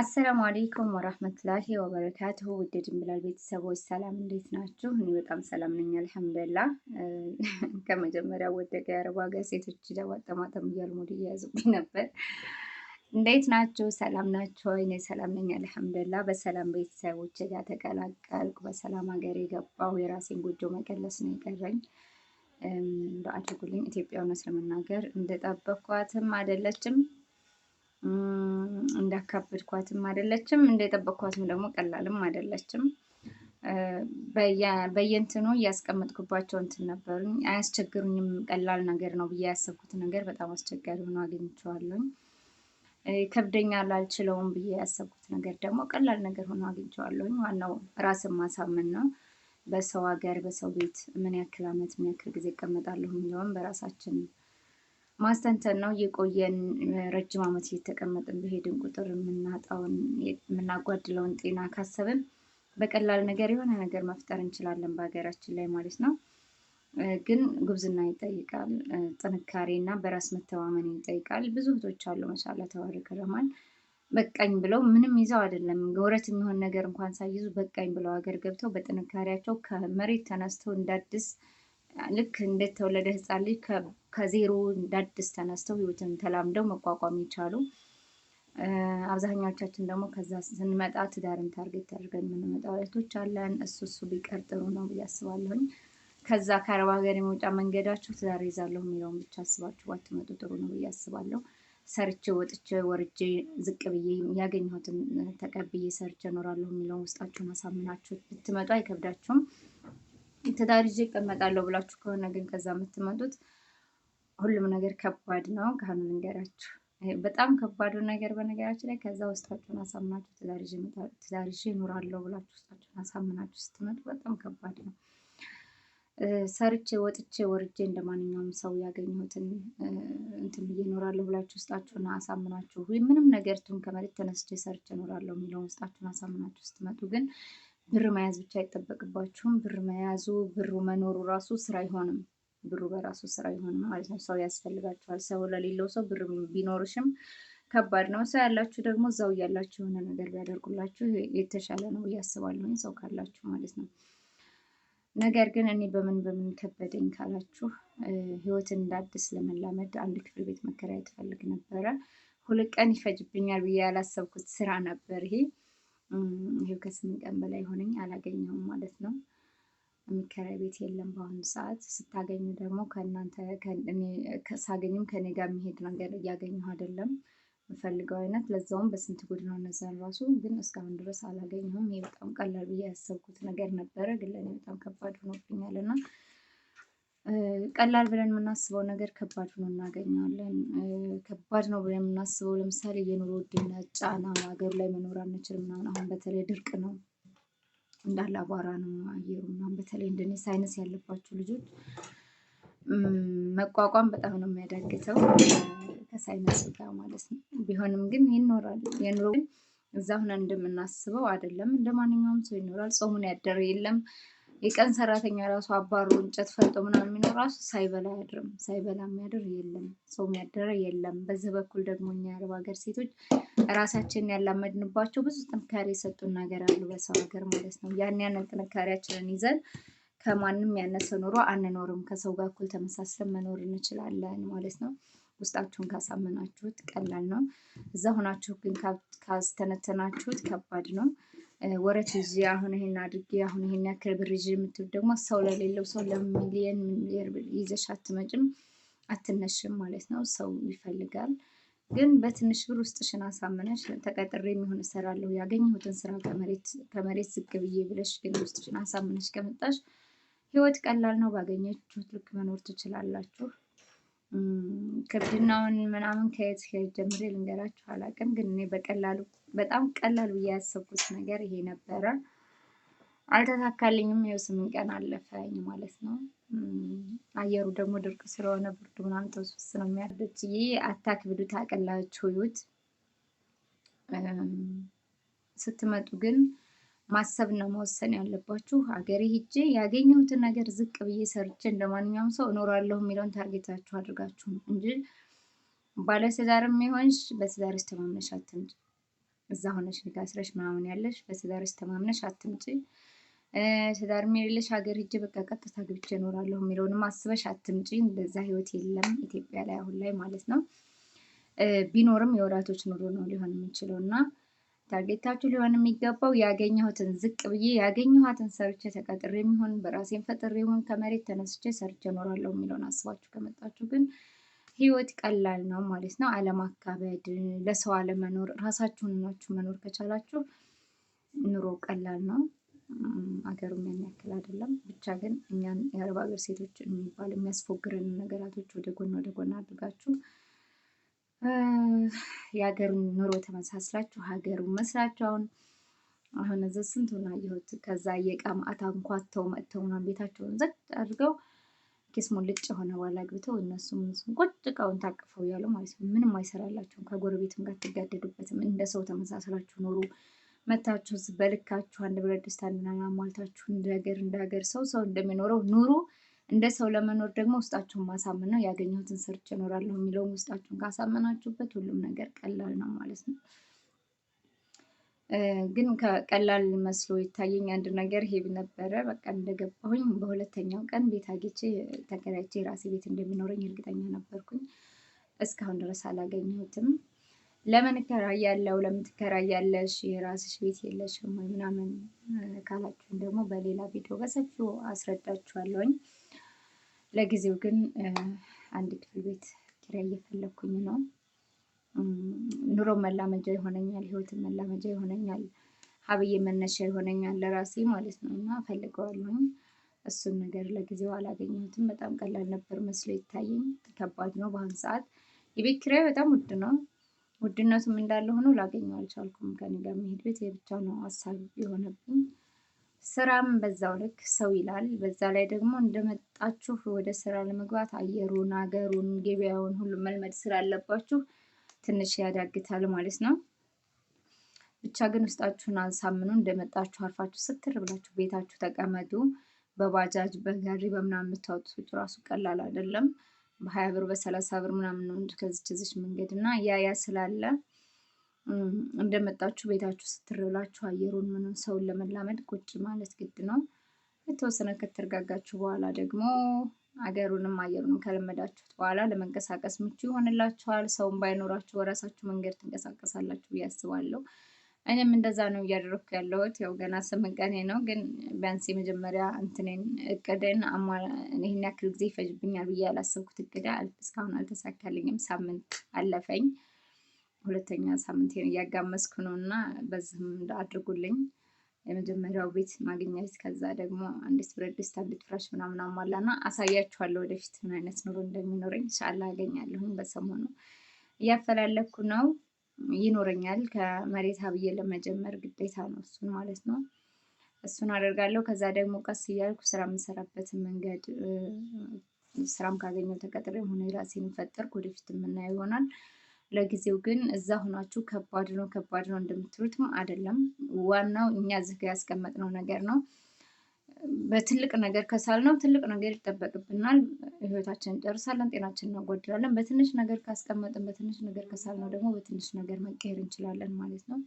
አሰላሙ አሌይኩም ወራህመቱላሂ ወበረካቱሁ። ውድ ድንብላል ቤተሰቦች ሰላም እንዴት ናችሁ? እኔ በጣም ሰላም ነኝ አልሐምዱላ። ከመጀመሪያ ወደቀ የአረብ ሀገር ሴቶች ደዋጠማጠም እያሉ ሙድ እያያዙብኝ ነበር። እንዴት ናችሁ? ሰላም ናችሁ? እኔ ሰላም ነኝ አልሐምዱላ። በሰላም ቤተሰቦች ጋር ተቀላቀልኩ። በሰላም ሀገር የገባሁ የራሴን ጎጆ መቀለስ ነው የቀረኝ። እንደ አድርጉልኝ ኢትዮጵያ እውነት ለመናገር እንደጠበኳትም አይደለችም እንዳካበድኳትም አይደለችም እንደጠበቅኳትም ደግሞ ቀላልም አይደለችም። በየንትኑ እያስቀመጥኩባቸው እንትን ነበሩኝ፣ አያስቸግሩኝም። ቀላል ነገር ነው ብዬ ያሰብኩት ነገር በጣም አስቸጋሪ ሆኖ አግኝቼዋለሁኝ። ከብደኛ ላልችለውም ብዬ ያሰብኩት ነገር ደግሞ ቀላል ነገር ሆኖ አግኝቼዋለሁኝ። ዋናው ራስን ማሳመን ነው። በሰው ሀገር፣ በሰው ቤት ምን ያክል አመት ምን ያክል ጊዜ እቀመጣለሁ የሚለውን በራሳችን ማስተንተን ነው። የቆየን ረጅም ዓመት እየተቀመጥን በሄድን ቁጥር የምናጣውን የምናጓድለውን ጤና ካሰብን በቀላል ነገር የሆነ ነገር መፍጠር እንችላለን በሀገራችን ላይ ማለት ነው። ግን ጉብዝና ይጠይቃል፣ ጥንካሬ እና በራስ መተማመን ይጠይቃል። ብዙ እህቶች አሉ መሻላ ተባረከ ረህማን በቃኝ ብለው ምንም ይዘው አይደለም ውረት የሚሆን ነገር እንኳን ሳይዙ በቃኝ ብለው ሀገር ገብተው በጥንካሬያቸው ከመሬት ተነስተው እንዳዲስ ልክ እንደተወለደ ህፃን ልጅ ከዜሮ እንዳዲስ ተነስተው ህይወትን ተላምደው መቋቋም ይቻሉ። አብዛኛዎቻችን ደግሞ ከዛ ስንመጣ ትዳርን ታርጌት አድርገን የምንመጣ እህቶች አለን። እሱ እሱ ቢቀር ጥሩ ነው ብዬ አስባለሁኝ። ከዛ ከአረብ ሀገር የመውጫ መንገዳችሁ ትዳር ይዛለሁ የሚለውን ብቻ አስባችሁ ባትመጡ ጥሩ ነው ብዬ አስባለሁ። ሰርቼ ወጥቼ ወርጄ ዝቅ ብዬ ያገኘሁትን ተቀብዬ ሰርቼ እኖራለሁ የሚለውን ውስጣችሁን አሳምናችሁ ብትመጡ አይከብዳችሁም። ትዳር ይዤ እቀመጣለሁ ብላችሁ ከሆነ ግን ከዛ የምትመጡት ሁሉም ነገር ከባድ ነው። ካህኑ ልንገራችሁ፣ በጣም ከባዱ ነገር በነገራችን ላይ ከዛ ውስጣችሁን አሳምናችሁ ትዳር ይዤ እኖራለሁ ብላችሁ ውስጣችሁን አሳምናችሁ ስትመጡ በጣም ከባድ ነው። ሰርቼ ወጥቼ ወርጄ እንደ ማንኛውም ሰው ያገኘሁትን እንትን ብዬ እኖራለሁ ብላችሁ ውስጣችሁን አሳምናችሁ ምንም ነገር ቱን ከመሬት ተነስቼ ሰርቼ እኖራለሁ የሚለውን ውስጣችሁን አሳምናችሁ ስትመጡ ግን ብር መያዝ ብቻ አይጠበቅባችሁም። ብር መያዙ ብሩ መኖሩ ራሱ ስራ አይሆንም። ብሩ በራሱ ስራ አይሆንም ማለት ነው። ሰው ያስፈልጋችኋል። ሰው ለሌለው ሰው ብር ቢኖርሽም ከባድ ነው። ሰው ያላችሁ ደግሞ እዛው እያላችሁ የሆነ ነገር ቢያደርጉላችሁ የተሻለ ነው ብዬ አስባለሁ። ሰው ካላችሁ ማለት ነው። ነገር ግን እኔ በምን በምን ከበደኝ ካላችሁ ህይወትን እንዳዲስ ለመላመድ አንድ ክፍል ቤት መከራየት እፈልግ ነበረ። ሁለት ቀን ይፈጅብኛል ብዬ ያላሰብኩት ስራ ነበር ይሄ ይሄው ከስምንት ቀን በላይ ሆነኝ አላገኘሁም ማለት ነው። የሚከራይ ቤት የለም በአሁኑ ሰዓት። ስታገኙ ደግሞ ከእናንተ ሳገኝም ከኔ ጋር የሚሄድ ነገር እያገኘሁ አይደለም የምፈልገው አይነት ለዛውም በስንት ጉድ ነው እነዛን ራሱ ግን እስካሁን ድረስ አላገኘሁም። ይህ በጣም ቀላል ብዬ ያሰብኩት ነገር ነበረ፣ ግን ለእኔ በጣም ከባድ ሆኖብኛል እና ቀላል ብለን የምናስበው ነገር ከባድ ሆኖ እናገኘዋለን። ከባድ ነው ብለን የምናስበው ለምሳሌ የኑሮ ውድነት ጫና፣ ሀገሩ ላይ መኖር አንችል ምናምን። አሁን በተለይ ድርቅ ነው እንዳለ አቧራ ነው አየሩ ምናምን። በተለይ እንደኔ ሳይነስ ያለባቸው ልጆች መቋቋም በጣም ነው የሚያዳግተው ከሳይነሱ ጋር ማለት ነው። ቢሆንም ግን ይኖራል። የኑሮ ግን እዛ ሁነን እንደምናስበው አይደለም። እንደ ማንኛውም ሰው ይኖራል። ጾሙን ያደረ የለም። የቀን ሰራተኛ ራሱ አባሮ እንጨት ፈልጦ ምናምን የሚኖር ራሱ ሳይበላ አያድርም። ሳይበላ የሚያድር የለም፣ ሰው የሚያደረ የለም። በዚህ በኩል ደግሞ እኛ የአረብ ሀገር ሴቶች ራሳችንን ያላመድንባቸው ብዙ ጥንካሬ የሰጡን ነገር አሉ፣ በሰው ሀገር ማለት ነው። ያን ያንን ጥንካሬያችንን ይዘን ከማንም ያነሰ ኑሮ አንኖርም። ከሰው ጋር እኩል ተመሳስለን መኖር እንችላለን ማለት ነው። ውስጣችሁን ካሳመናችሁት ቀላል ነው። እዛ ሆናችሁ ግን ካስተነተናችሁት ከባድ ነው። ወረት ይዤ አሁን ይሄን አድርጌ አሁን ይሄን ያክል ብር ይዤ ደግሞ ሰው ለሌለው ሰው ለሚሊየን ሚሊየን ይዘሽ አትመጭም አትነሽም ማለት ነው። ሰው ይፈልጋል። ግን በትንሽ ብር ውስጥሽን አሳምነሽ ተቀጥሬ የሚሆን እሰራለሁ ያገኘሁትን ስራ ከመሬት ዝቅ ብዬ ብለሽ ግን ውስጥሽን አሳምነሽ ከመጣሽ ህይወት ቀላል ነው። ባገኘችሁት ልክ መኖር ትችላላችሁ። ክርድናውን ምናምን ከየት ከየት ጀምሬ ልንገራችሁ አላውቅም፣ ግን እኔ በቀላሉ በጣም ቀላል ብዬ ያሰብኩት ነገር ይሄ ነበረ። አልተሳካልኝም። ይኸው ስምንት ቀን አለፈኝ ማለት ነው። አየሩ ደግሞ ድርቅ ስለሆነ ብርዱ ምናምን ተወስስ ነው የሚያደች ይ አታክብዱ ታቀላችሁ ዩት ስትመጡ ግን ማሰብና መወሰን ያለባችሁ ሀገሬ ሂጄ ያገኘሁትን ነገር ዝቅ ብዬ ሰርቼ እንደ ማንኛውም ሰው እኖራለሁ የሚለውን ታርጌታችሁ አድርጋችሁ ነው እንጂ ባለትዳርም የሆንሽ በትዳርሽ ተማምነሽ አትምጪ። እዛ ሆነሽ ንጋስረሽ ምናምን ያለሽ በትዳርሽ ተማምነሽ አትምጪ። ትዳር የሌለሽ ሀገር ሂጄ በቃ ቀጥታ ግብቼ እኖራለሁ የሚለውንም አስበሽ አትምጪ። እንደዛ ህይወት የለም ኢትዮጵያ ላይ አሁን ላይ ማለት ነው። ቢኖርም የወራቶች ኑሮ ነው ሊሆን የሚችለው እና ታርጌታችሁ ሊሆን የሚገባው ያገኘሁትን ዝቅ ብዬ ያገኘኋትን ሰርቼ ተቀጥሬ የሚሆን በራሴን ፈጥሬ የሚሆን ከመሬት ተነስቼ ሰርቼ እኖራለሁ የሚለውን አስባችሁ ከመጣችሁ ግን ህይወት ቀላል ነው ማለት ነው። አለማካበድ፣ ለሰው አለመኖር፣ ራሳችሁን ናችሁ መኖር ከቻላችሁ ኑሮ ቀላል ነው። አገሩም ያን ያክል አይደለም። ብቻ ግን እኛን የአረብ ሀገር ሴቶች የሚባል የሚያስፎግረን ነገራቶች ወደ ጎን ወደ ጎን አድርጋችሁ የሀገር ኑሮ ተመሳስላችሁ ሀገሩን መስላችሁ አሁን አሁን እዚህ ስንቱን አየሁት። ከዛ የቀማአት አንኳተው መጥተው ምናምን ቤታቸውን ዘግ አድርገው ኬስ ሞልጭ የሆነ ዋላ ግብተው እነሱም ቁጭ እቃውን ታቅፈው እያሉ ማለት ነው። ምንም አይሰራላችሁም። ከጎረቤትም ጋር ትጋደዱበትም። እንደ ሰው ተመሳስላችሁ ኑሩ። መታችሁ በልካችሁ አንድ ብረት ድስት አንድ ምናምን አሟልታችሁ እንደ ሀገር እንደ ሀገር ሰው ሰው እንደሚኖረው ኑሩ። እንደ ሰው ለመኖር ደግሞ ውስጣችሁን ማሳመን ነው። ያገኘሁትን ሰርች እኖራለሁ የሚለውን ውስጣችሁን ካሳመናችሁበት ሁሉም ነገር ቀላል ነው ማለት ነው። ግን ከቀላል መስሎ ይታየኝ አንድ ነገር ሄብ ነበረ። በቃ እንደገባሁኝ በሁለተኛው ቀን ቤት አግኝቼ ተከራይቼ የራሴ ቤት እንደሚኖረኝ እርግጠኛ ነበርኩኝ። እስካሁን ድረስ አላገኘሁትም። ለምን እከራያለሁ? ለምን ትከራያለሽ? የራስሽ ቤት የለሽም ወይ ምናምን ካላችሁን ደግሞ በሌላ ቪዲዮ በሰፊው አስረዳችኋለሁኝ። ለጊዜው ግን አንድ ክፍል ቤት ኪራይ እየፈለግኩኝ ነው። ኑሮ መላመጃ ይሆነኛል፣ ህይወትን መላመጃ ይሆነኛል፣ ሀብዬ መነሻ ይሆነኛል ለራሴ ማለት ነው እና ፈልገዋለሁኝ። እሱን ነገር ለጊዜው አላገኘሁትም። በጣም ቀላል ነበር መስሎ ይታየኝ፣ ከባድ ነው በአሁን ሰዓት። የቤት ኪራይ በጣም ውድ ነው። ውድነቱም እንዳለ ሆኖ ላገኘው አልቻልኩም። ከኔ ጋር መሄድ ቤት የብቻ ነው ሀሳብ የሆነብኝ። ስራም በዛው ልክ ሰው ይላል። በዛ ላይ ደግሞ እንደመጣችሁ ወደ ስራ ለመግባት አየሩን፣ አገሩን፣ ገበያውን ሁሉም መልመድ ስላለባችሁ ትንሽ ያዳግታል ማለት ነው። ብቻ ግን ውስጣችሁን አሳምኑ። እንደመጣችሁ አርፋችሁ ስትር ብላችሁ ቤታችሁ ተቀመጡ። በባጃጅ በጋሪ በምናምን የምታወጡት ራሱ ቀላል አይደለም። በሀያ ብር በሰላሳ ብር ምናምን ከዚች እዚች መንገድ እና ያ ያ ስላለ እንደመጣችሁ ቤታችሁ ስትር አየሩን ምንም ሰውን ለመላመድ ቁጭ ማለት ግድ ነው። የተወሰነ ከተረጋጋችሁ በኋላ ደግሞ አገሩንም አየሩንም ከለመዳችሁት በኋላ ለመንቀሳቀስ ምቹ ይሆንላችኋል። ሰውን ባይኖራችሁ በራሳችሁ መንገድ ትንቀሳቀሳላችሁ ብዬ አስባለሁ። እኔም እንደዛ ነው እያደረኩ ያለሁት። ያው ገና ስምንት ቀኔ ነው፣ ግን ቢያንስ የመጀመሪያ እንትኔን እቅድን ይህን ያክል ጊዜ ይፈጅብኛል ብዬ ያላሰብኩት እቅድ እስካሁን አልተሳካልኝም። ሳምንት አለፈኝ። ሁለተኛ ሳምንቴን እያጋመስኩ ነው እና በዚህም አድርጉልኝ። የመጀመሪያው ቤት ማግኘት፣ ከዛ ደግሞ አንዲት ብረት ድስት፣ አንዲት ፍራሽ ምናምን አሟላ እና አሳያችኋለሁ ወደፊት ምን አይነት ኑሮ እንደሚኖረኝ ሻላ አገኛለሁኝ። በሰሞኑ እያፈላለኩ ነው ይኖረኛል። ከመሬት አብዬ ለመጀመር ግዴታ ነው እሱን ማለት ነው። እሱን አደርጋለሁ። ከዛ ደግሞ ቀስ እያልኩ ስራ የምሰራበትን መንገድ ስራም ካገኘው ተቀጥሬ ሆነ የራሴን ፈጠርኩ። ወደፊት የምናየው ይሆናል። ለጊዜው ግን እዛ ሆናችሁ ከባድ ነው ከባድ ነው እንደምትሉትም አይደለም። ዋናው እኛ እዚህ ጋር ያስቀመጥነው ነገር ነው። በትልቅ ነገር ከሳልነው ትልቅ ነገር ይጠበቅብናል። ህይወታችንን ጨርሳለን፣ ጤናችንን እናጎድላለን። በትንሽ ነገር ካስቀመጥን፣ በትንሽ ነገር ከሳልነው ደግሞ በትንሽ ነገር መቀየር እንችላለን ማለት ነው።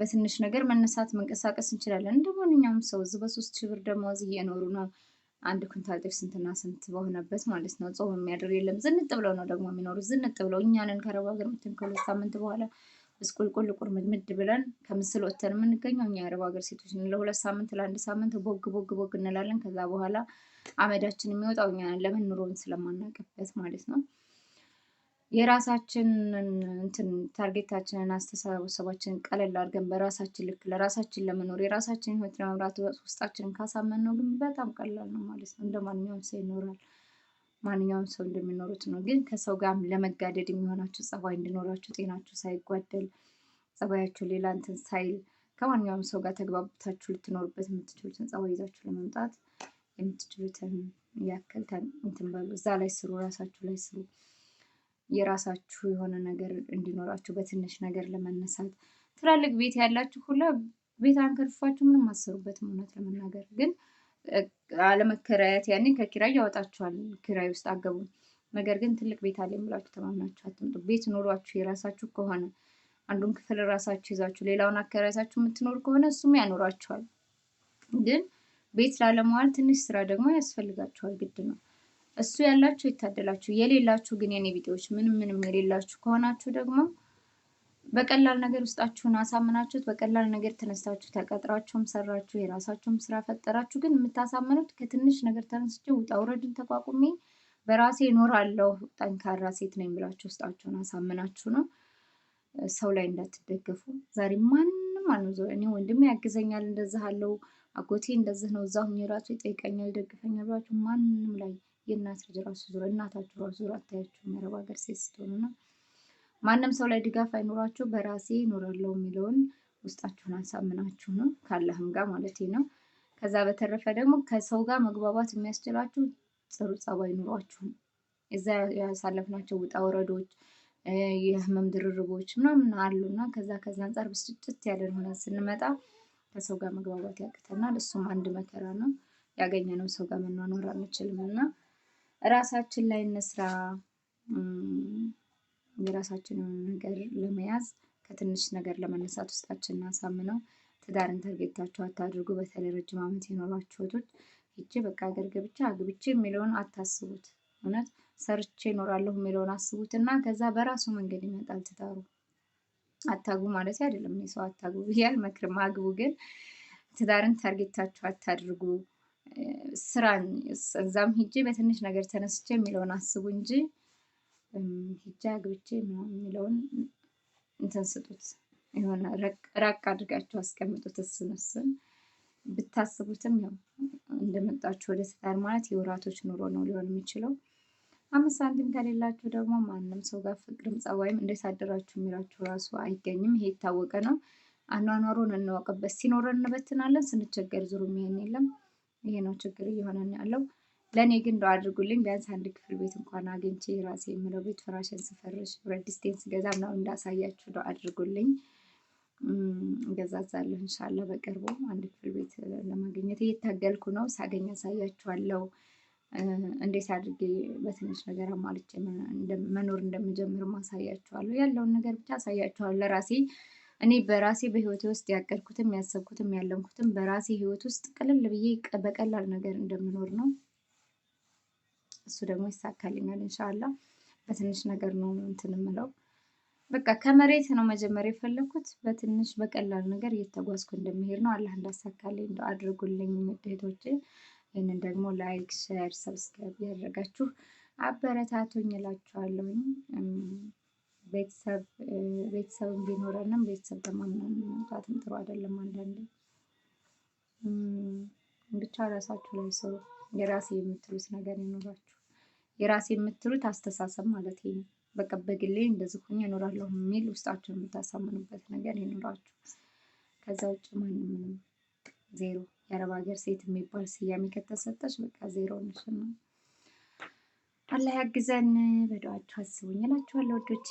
በትንሽ ነገር መነሳት መንቀሳቀስ እንችላለን። እንደማንኛውም ሰው እዚህ በሶስት ሺህ ብር ደሞዝ እየኖሩ ነው። አንድ ኩንታል ጤፍ ስንትና ስንት በሆነበት ማለት ነው። ጾም የሚያድር የለም። ዝንጥ ብለው ነው ደግሞ የሚኖሩት። ዝንጥ ብለው እኛንን ከረባገር ሀገር ምትን ከሁለት ሳምንት በኋላ እስቁልቁል ቁር ምድምድ ብለን ከምስል ወተን የምንገኘው እኛ የአረብ ሀገር ሴቶች ለሁለት ሳምንት ለአንድ ሳምንት ቦግ ቦግ ቦግ እንላለን። ከዛ በኋላ አመዳችን የሚወጣው እኛ ለምን ኑሮን ስለማናውቅበት ማለት ነው። የራሳችንን እንትን ታርጌታችንን አስተሳሰባችንን ቀለል አድርገን በራሳችን ልክ ለራሳችን ለመኖር የራሳችን ህይወት ለመምራት ውስጣችንን ካሳመን ነው ግን በጣም ቀላል ነው ማለት ነው። እንደ ማንኛውም ሰው ይኖራል። ማንኛውም ሰው እንደሚኖሩት ነው። ግን ከሰው ጋር ለመጋደድ የሚሆናችሁ ጸባይ እንዲኖራችሁ ጤናችሁ ሳይጓደል ጸባያችሁ ሌላ እንትን ሳይል ከማንኛውም ሰው ጋር ተግባብታችሁ ልትኖሩበት የምትችሉትን ጸባይ ይዛችሁ ለመምጣት የምትችሉትን ያክል እንትን በሉ። እዛ ላይ ስሩ፣ ራሳችሁ ላይ ስሩ። የራሳችሁ የሆነ ነገር እንዲኖራችሁ በትንሽ ነገር ለመነሳት ትላልቅ ቤት ያላችሁ ሁላ ቤት አንከርፋችሁ ምንም አሰሩበትም። እውነት ለመናገር ግን አለመከራየት ያኔ ከኪራይ ያወጣችኋል፣ ኪራይ ውስጥ አገቡ። ነገር ግን ትልቅ ቤት አለ ብላችሁ ተማምናችሁ አትምጡ። ቤት ኖሯችሁ የራሳችሁ ከሆነ አንዱን ክፍል ራሳችሁ ይዛችሁ ሌላውን አከራይታችሁ የምትኖር ከሆነ እሱም ያኖራችኋል። ግን ቤት ላለመዋል ትንሽ ስራ ደግሞ ያስፈልጋችኋል፣ ግድ ነው። እሱ ያላችሁ ይታደላችሁ፣ የሌላችሁ ግን የኔ ቢጤዎች ምንም ምንም የሌላችሁ ከሆናችሁ ደግሞ በቀላል ነገር ውስጣችሁን አሳምናችሁት በቀላል ነገር ተነስታችሁ ተቀጥራችሁም ሰራችሁ የራሳችሁም ስራ ፈጠራችሁ። ግን የምታሳምኑት ከትንሽ ነገር ተነስቼ ውጣ ውረድን ተቋቁሜ በራሴ እኖራለሁ ጠንካራ ሴት ነኝ ብላችሁ ውስጣችሁን አሳምናችሁ ነው ሰው ላይ እንዳትደገፉ። ዛሬ ማንም አልነዞ እኔ ወንድሜ ያግዘኛል እንደዚህ አለው አጎቴ እንደዚህ ነው እዛ ራሱ ይጠይቀኛል ደግፈኛል ብላችሁ ማንም ላይ የእናት ልጅ ራሱ ዙር እናታችሁ ራሱ ዙር አታያችሁ መረብ ሀገር ሴት ስትሆኑ እና ማንም ሰው ላይ ድጋፍ አይኖራችሁ በራሴ ይኖራለሁ የሚለውን ውስጣችሁን አሳምናችሁ ነው ካለህም ጋር ማለት ነው። ከዛ በተረፈ ደግሞ ከሰው ጋር መግባባት የሚያስችላችሁ ጥሩ ጸባይ ኑሯችሁ ነው። እዛ ያሳለፍናቸው ውጣ ወረዶች፣ የህመም ድርርቦች ምናምን አሉ እና ከዛ ከዛ አንጻር ብስጭት ያለን ሆነ ስንመጣ ከሰው ጋር መግባባት ያቅተናል። እሱም አንድ መከራ ነው። ያገኘነው ሰው ጋር መኗኗር አንችልም እና ራሳችን ላይ እንስራ። የራሳችንን ነገር ለመያዝ ከትንሽ ነገር ለመነሳት ውስጣችንን አሳምነው ትዳርን ታርጌታችሁ አታድርጉ። በተለይ ረጅም ዓመት የኖሯችሁ ወቶች ሂጄ በቃ አገር ገብቼ አግብቼ የሚለውን አታስቡት። እውነት ሰርቼ እኖራለሁ የሚለውን አስቡት እና ከዛ በራሱ መንገድ ይመጣል ትዳሩ። አታግቡ ማለት አይደለም ሰው አታግቡ ብያል አልመክርም። አግቡ፣ ግን ትዳርን ታርጌታችሁ አታድርጉ። ስራኝ እዛም ሂጄ በትንሽ ነገር ተነስቼ የሚለውን አስቡ እንጂ ሂጄ አግብቼ የሚለውን እንትን ስጡት። የሆነ ራቅ አድርጋችሁ አስቀምጡት። እሱን እሱን ብታስቡትም ያው እንደመጣችሁ ወደ ትዳር ማለት የወራቶች ኑሮ ነው ሊሆን የሚችለው። አምስት ሳንቲም ከሌላችሁ ደግሞ ማንም ሰው ጋር ፍቅርም ጸባይም እንዴት አደራችሁ የሚላችሁ ራሱ አይገኝም። ይሄ የታወቀ ነው። አኗኗሩን እንወቅበት። ሲኖረን እንበትናለን፣ ስንቸገር ዙሩ ይሄን የለም። ይሄ ነው ችግር እየሆነ ያለው። ለእኔ ግን እንደው አድርጉልኝ ቢያንስ አንድ ክፍል ቤት እንኳን አግኝቼ ራሴ የምለው ቤት ፍራሽን ስፈርሽ ብረት ድስቴን ስገዛ ምናምን እንዳሳያችሁ እንደው አድርጉልኝ። እገዛዛለሁ እንሻላ በቅርቡ አንድ ክፍል ቤት ለማግኘት እየታገልኩ ነው። ሳገኝ ያሳያችኋለሁ እንዴት አድርጌ በትንሽ ነገር አሟልቼ መኖር እንደምጀምር ማሳያችኋለሁ። ያለውን ነገር ብቻ አሳያችኋለሁ ለራሴ እኔ በራሴ በህይወቴ ውስጥ ያቀድኩትም ያሰብኩትም ያለምኩትም በራሴ ህይወት ውስጥ ቅልል ብዬ በቀላል ነገር እንደምኖር ነው። እሱ ደግሞ ይሳካልኛል እንሻላ። በትንሽ ነገር ነው እንትን የምለው። በቃ ከመሬት ነው መጀመሪያ የፈለግኩት። በትንሽ በቀላል ነገር እየተጓዝኩ እንደምሄድ ነው። አላህ እንዳሳካልኝ እንደ አድርጉልኝ ምድህቶች። ይህንን ደግሞ ላይክ፣ ሸር፣ ሰብስክራይብ ያደረጋችሁ አበረታቱኝ እላችኋለሁኝ ቤተሰብ ቤተሰብም ቢኖረንም ቤተሰብ ተማምነን መምጣትም ጥሩ አይደለም። አንዳንዴ ብቻ ራሳችሁ ላይ ስሩ። የራሴ የምትሉት ነገር ይኖራችሁ። የራሴ የምትሉት አስተሳሰብ ማለት ነው። በቃ በግሌ እንደዚህ ሆኜ እኖራለሁ የሚል ውስጣቸው የምታሳምኑበት ነገር ይኖራችሁ። ከዛ ውጭ ማንም ዜሮ። የአረብ ሀገር ሴት የሚባል ስያሜ ከተሰጠች በቃ ዜሮ ነሽ። አላህ ያግዘን። በዱዓችሁ አስቡኝ እላችኋለሁ ወዶቼ።